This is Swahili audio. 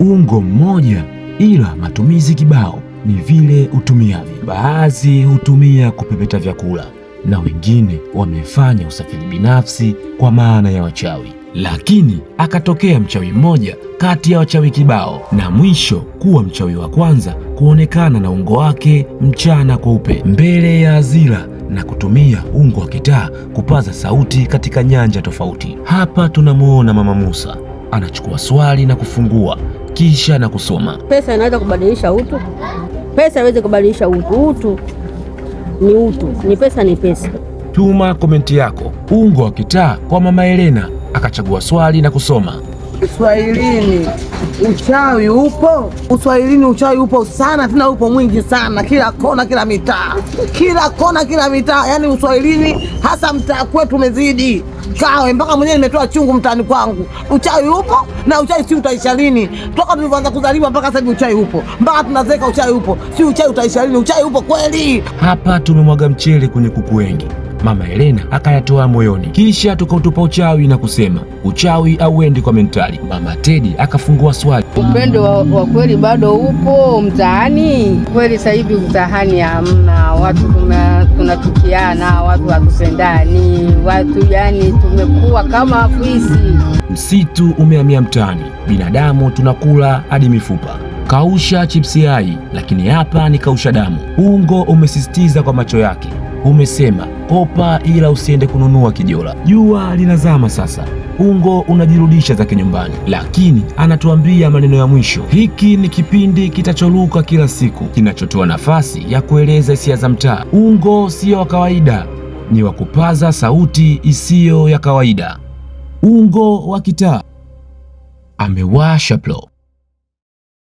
ungo mmoja, ila matumizi kibao ni vile utumiavyo. Baadhi hutumia kupepeta vyakula na wengine wamefanya usafiri binafsi kwa maana ya wachawi. Lakini akatokea mchawi mmoja kati ya wachawi kibao, na mwisho kuwa mchawi wa kwanza kuonekana na ungo wake mchana kweupe mbele ya hadhira na kutumia ungo wa kitaa kupaza sauti katika nyanja tofauti. Hapa tunamwona Mama Musa anachukua swali na kufungua kisha na kusoma. Pesa inaweza kubadilisha utu? Pesa haiwezi kubadilisha utu. Utu ni utu, ni pesa ni pesa. Tuma komenti yako ungo wa kitaa kwa Mama Elena akachagua swali na kusoma. Uswahilini uchawi upo, uswahilini uchawi upo sana, tena upo mwingi sana, kila kona, kila mitaa, kila kona, kila mitaa. Yani uswahilini hasa mtaa kwetu umezidi kawe, mpaka mwenyewe nimetoa chungu mtaani kwangu. Uchawi upo na uchawi si utaisha lini? Toka tulivyoanza kuzaliwa mpaka sasa hivi uchawi upo, mpaka tunazeka, uchawi upo. Si uchawi utaisha lini? Uchawi upo kweli. Hapa tumemwaga mchele kwenye kuku wengi. Mama Helena akayatoa moyoni, kisha tukautupa uchawi na kusema uchawi auendi kwa mentali. Mama Tedi akafungua swali, upendo wa, wa kweli bado upo mtaani kweli? Sasa hivi mtaani hamna watu, tunatukiana watu, hatusendani watu, yani tumekuwa kama fisi. Msitu umehamia mtaani, binadamu tunakula hadi mifupa kausha chipsi hai, lakini hapa ni kausha damu. Ungo umesisitiza kwa macho yake, umesema kopa ila usiende kununua kijola. Jua linazama sasa, ungo unajirudisha zake nyumbani, lakini anatuambia maneno ya mwisho. Hiki ni kipindi kitacholuka kila siku, kinachotoa nafasi ya kueleza hisia za mtaa. Ungo siyo wa kawaida, ni wa kupaza sauti isiyo ya kawaida. Ungo wa kitaa amewasha plo